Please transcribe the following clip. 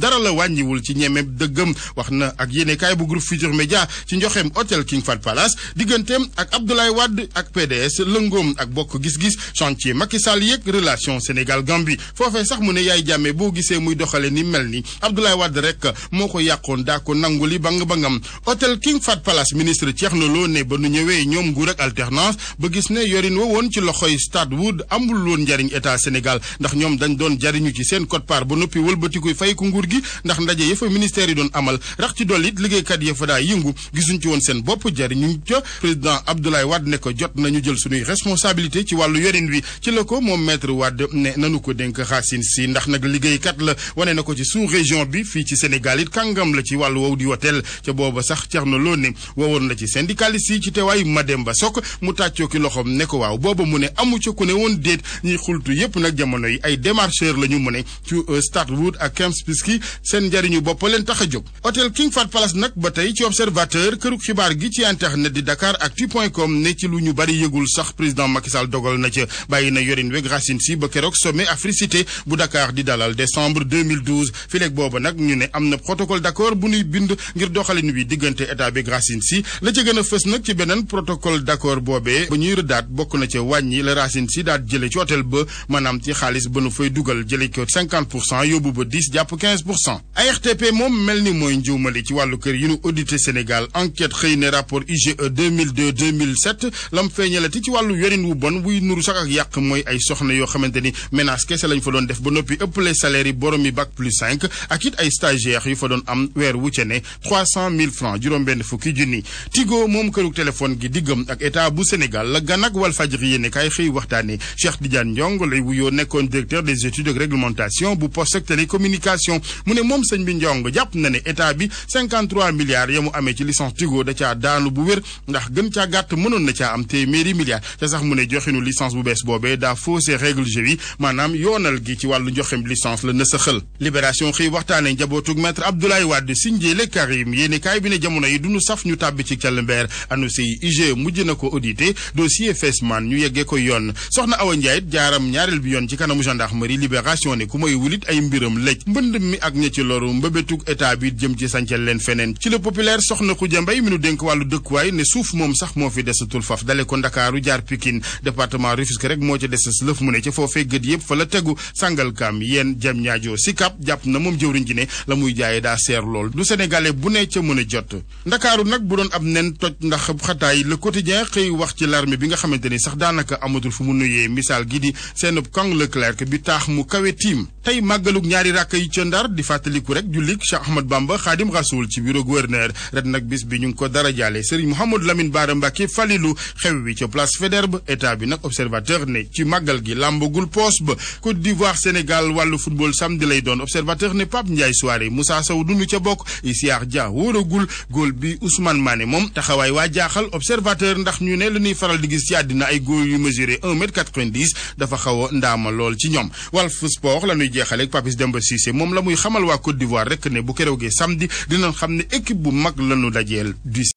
dara la wàññiwul ci ñeme dëggam wax na ak yéenekaay bu groupe Futurs Médias ci njoxeem hôtel King Fahd Palace digganteem ak Abdoulaye wadd ak PDS lëngoom ak bokk gis-gis chantier Macky Sall yeeg relation Sénégal Gambie foofee sax mu ne yaay jàmme boo gisee muy doxale ni mel ni Abdoulaye wadd rek moo ko yàqoon daa ko nangu li bang bangam hôtel King Fahd Palace ministre Thierno Lo ne ba nu ñëwee ñoom nguur ak alternance ba gis ne yorin wa woon ci loxoy Stadwood amul woon njariñ état Sénégal ndax ñoom dañ doon jariñu ci seen code part ba noppi wëlbatikuy fay ku nguur gi ndax ndaje ya fa ministère yi doon amal rax ci dolli it liggéeykat ya fa daa yëngu gisuñ ci woon seen bopp jariñu ca président Abdoulaye Wade ne jot nañu jël suñuy responsabilité ci wàllu yorin wi ci la ko moom maître Wade ne nanu ko dénk xaasin si ndax nag liggéeykat la wane na ko ci sous région bi fii ci Sénégal it kàngam la ci wàllu wow di woteel ca booba sax Thierno Lo ne wowoon la ci syndicaliste yi ci teewaayu Mademba Sok mu tàccoo ki loxoom ne ko waaw booba mu ne amu ca ku ne woon déet ñuy xultu yépp nag jamono yi ay démarcheur la ñu mu ne euh, yi seen njariñu bopp leen tax a jóg hôtel King Fahd Palace nag ba tey ci observateur këru xibaar gi ci internet di dakaractu.com ne ci lu ñu bari yëgul sax président Macky Sall dogal na ca bàyyi na yorin weg racine si ba keroog sommet Africité bu Dakar di dalal décembre 2012 fileeg booba nag ñu ne am na protocole d'accord bu ñuy bind ngir doxalin wi diggante état bi racine si la ca gën a fës nag ci beneen protocole d'accord boobee ba ñuy rëddaat bokk na ca wàññi la racine si daat jële ci hôtel ba maanaam ci xaalis ba nu fay dugal jële ko 50 pour cent quinze pour cent ARTP moom mel ni mooy njiwmali ci wàllu kër yi nu audité Sénégal enquête xëy ne rapport IGE 2002 2007 lam feeñalati ci wàllu yorin wu bon wuy nuru sax ak yàq mooy ay soxna yoo xamante ni ménage kese lañ fa doon def ba noppi ëppale salaire yi borom yi bac plus 5 ak it ay stagiaires yu fa doon am weer wu ca ne 300 mille francs juróom-benn fukki junni Tigo moom këruk téléphone gi diggam ak état bu Sénégal la gan ak Walfadjri yéene kaay xëy waxtaane Cheikh Tidiane Ndiong lay wuyoo nekkoon directeur des études de réglementation bu poste mu ne moom sëñ bi njong jàpp na ne état bi 53 milliards ya mu amee ci licence Tigo da caa daanu bu wér ndax gën caa gàtt mënoon na caa am téeméeri milliards te sax mu ne joxinu licence bu bees boobee daa faussé règle jeu yi maanaam yoonal gi ci wàllu joxem licence la nësaxal libération xëy waxtaane njabootug maître Abdoulaye Wade Sindiéle Karim yéene kaay bi ne jamono yi duñu saf ñu tàbbi ci calmbeer annoncé yi IG mujj na ko audité dossier Fesman ñu yeggee ko yoon soxna Awa Ndiaye jaaram ñaareel bi yoon ci kanamu gendarmerie libération ne ku may wulit ay mbiram lëj mbënd mi ak ña ci loru mbëbëtug état bi jëm ci sancal leen feneen ci la populaire soxna Khoudia Mbaye mi nu denk wàllu dëkkuwaay ne suuf moom sax moo fi desatul faf dale ko ndakaaru jaar Pikine département Rufisque rek moo ca desas lëf mu ne ca foofee gët yëpp fa la tegu sàngalkaam yéen jëm ñaajoo Sicap jàpp na moom jëwriñ ji ne la muy jaayee daa seer lool du sénégalais bu ne ca mën a jot ndakaaru nag bu doon ab nen toj ndax xataay le quotidien xëy wax ci l'armée bi nga xamante ni sax daanaka amatul fu mu nuyee misaal gi di seenub Kang Leclerc bi taax mu kawe tiim tey ñaari ràkk yi ca di fàttaliku rek jullik Cheikh Ahmad Bamba Xaadim Rasul ci bureau gouverneur ret nag bis bi ñu ngi ko dara jaale Serigne Mouhamadou Lamine Bara Mbacké Falilou xew wi ca place Faidherbe état bi nag observateur ne ci màggal gi làmbagul poos ba Côte d'Ivoire Sénégal wàllu football samedi lay doon observateur ne Pape Ndiaye soirée Moussa Sow dunu ca bokk i Isiar Dia wóoragul góol bi Ousmane Mané moom taxawaay waa jaaxal observateur ndax ñu ne lu ñuy faral di gis ci àddina ay góor yu mesuré 1 mètre xaw a lool ci ñoom Walf Sport la ñuy jeexale ak Papis Demba moom la muy xamal waa Côte d'Ivoire rek ne bu keroogee samedi dinañ xam ne équipe bu mag lañu dajeel du